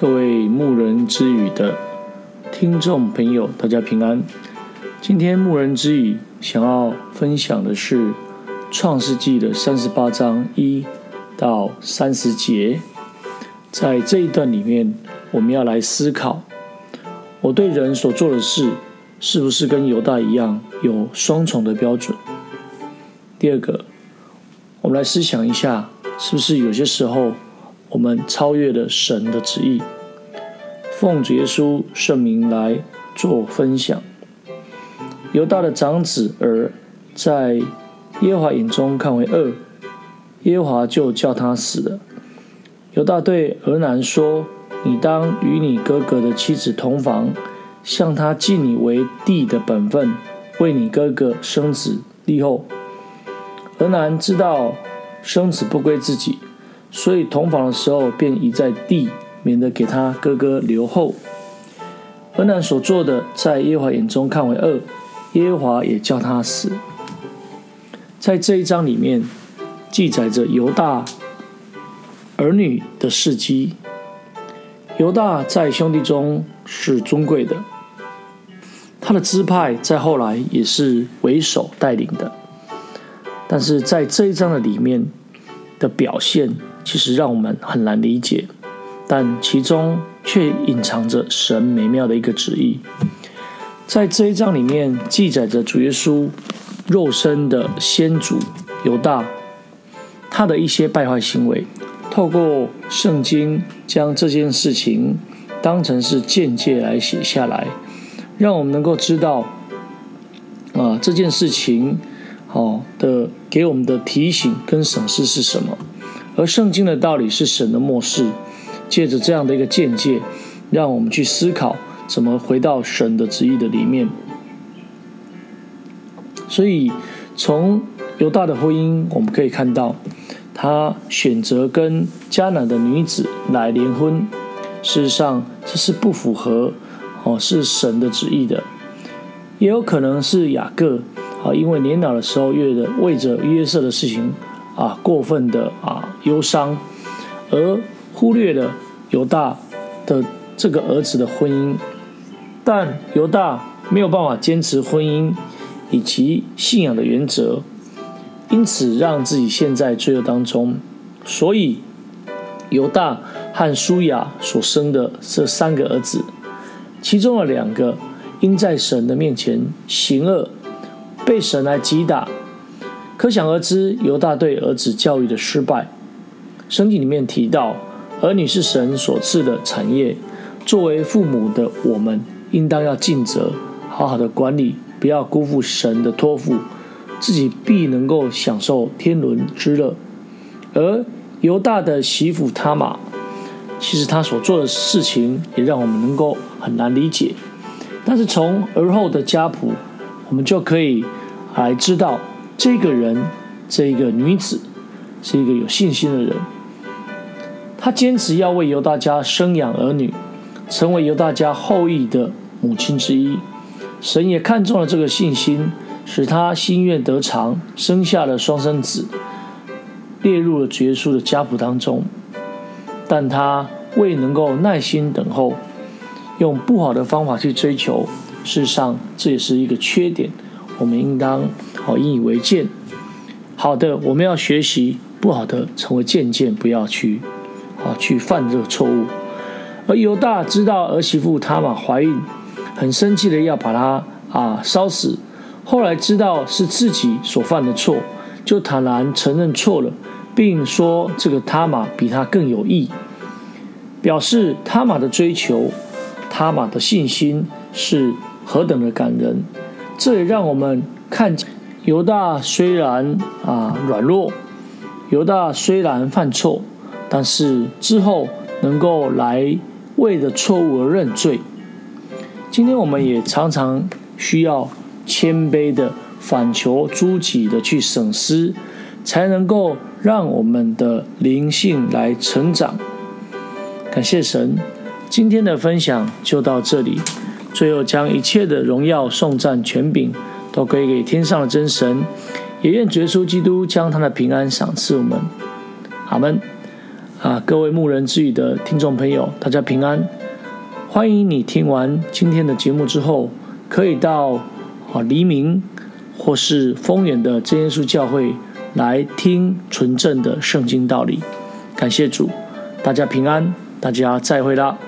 各位牧人之語的聽眾朋友，大家平安。今天牧人之語想要分享的是《創世紀》的三十八章一到三十節。在這一段裡面，我們要來思考：我對人所做的事，是不是跟猶大一樣有雙重的標準？第二個，我們來思想一下，是不是有些時候，我們超越了神的旨意，奉主耶穌聖名來做分享。猶大的長子珥，在耶華眼中看為惡，耶華就叫他死了。猶大對俄南說：“你當與你哥哥的妻子同房，向她盡你為弟的本分，為你哥哥生子立後。”俄南知道生子不歸自己。所以同房的時候便遺在地，免得給他哥哥留後。俄南所做的，在耶和華眼中看為惡，耶和華也叫他死。在這一章裡面，記載着猶大兒女的事迹。猶大在兄弟中是尊貴的，他的支派在後來也是為首帶領的。但是在這一章的裡面的表現。其實讓我們很難理解，但其中卻隱藏着神美妙的一個旨意。在這一章裡面，記載着主耶穌肉身的先祖猶大，他的一些敗壞行為。透過聖經將這件事情當成是鑒戒來寫下來，讓我們能夠知道，啊、呃，這件事情，好、哦、的給我們的提醒跟審視是什麼。而聖經的道理是神的默示，借着這樣的一個見解，讓我們去思考怎麼回到神的旨意的裡面。所以，從猶大的婚姻，我們可以看到，他選擇跟迦南的女子來聯婚，事實上這是不符合哦，是神的旨意的。也有可能是雅各啊，因為年老的時候，越的為着約瑟的事情。啊，過分的啊憂傷，而忽略了猶大的這個兒子的婚姻，但猶大沒有辦法堅持婚姻以及信仰的原則，因此讓自己陷在罪惡當中。所以猶大和書亞所生的這三個兒子，其中的兩個因在神的面前行惡，被神來擊打。可想而知，猶大對兒子教育的失敗。聖經裡面提到，兒女是神所賜的產業，作為父母的我們，應當要盡責，好好的管理，不要辜負神的托付，自己必能夠享受天倫之樂。而猶大的媳婦他瑪，其實他所做的事情也讓我們能夠很難理解，但是從而後的家譜，我們就可以來知道。這個人，這一個女子，是一個有信心的人。她堅持要為猶大家生養兒女，成為猶大家後裔的母親之一。神也看中了這個信心，使她心願得償，生下了雙生子，列入了耶穌的家譜當中。但她未能夠耐心等候，用不好的方法去追求。事實上，這也是一個缺點。我們應當。好，引以為鑒。好的，我們要學習；不好的，成為鑑戒，不要去，啊去犯這個錯誤。而猶大知道兒媳婦塔瑪懷孕，很生氣的要把她啊燒死。後來知道是自己所犯的錯，就坦然承認錯了，並說這個塔瑪比他更有義。表示塔瑪的追求、塔瑪的信心是何等的感人。這也讓我們看見。猶大雖然啊軟、呃、弱。猶大雖然犯錯，但是之後能夠來為的錯誤而認罪。今天我們也常常需要謙卑的反求諸己的去省思，才能夠讓我們的靈性來成長。感謝神，今天的分享就到這裡。最後將一切的榮耀頌讚權柄，都可以給天上的真神，也願耶穌基督將他的平安賞賜我們，阿門。啊，各位牧人之語的聽眾朋友，大家平安。歡迎你聽完今天的節目之後，可以到啊黎明或是豐原的真耶穌教會來聽純正的聖經道理。感謝主，大家平安，大家再會啦。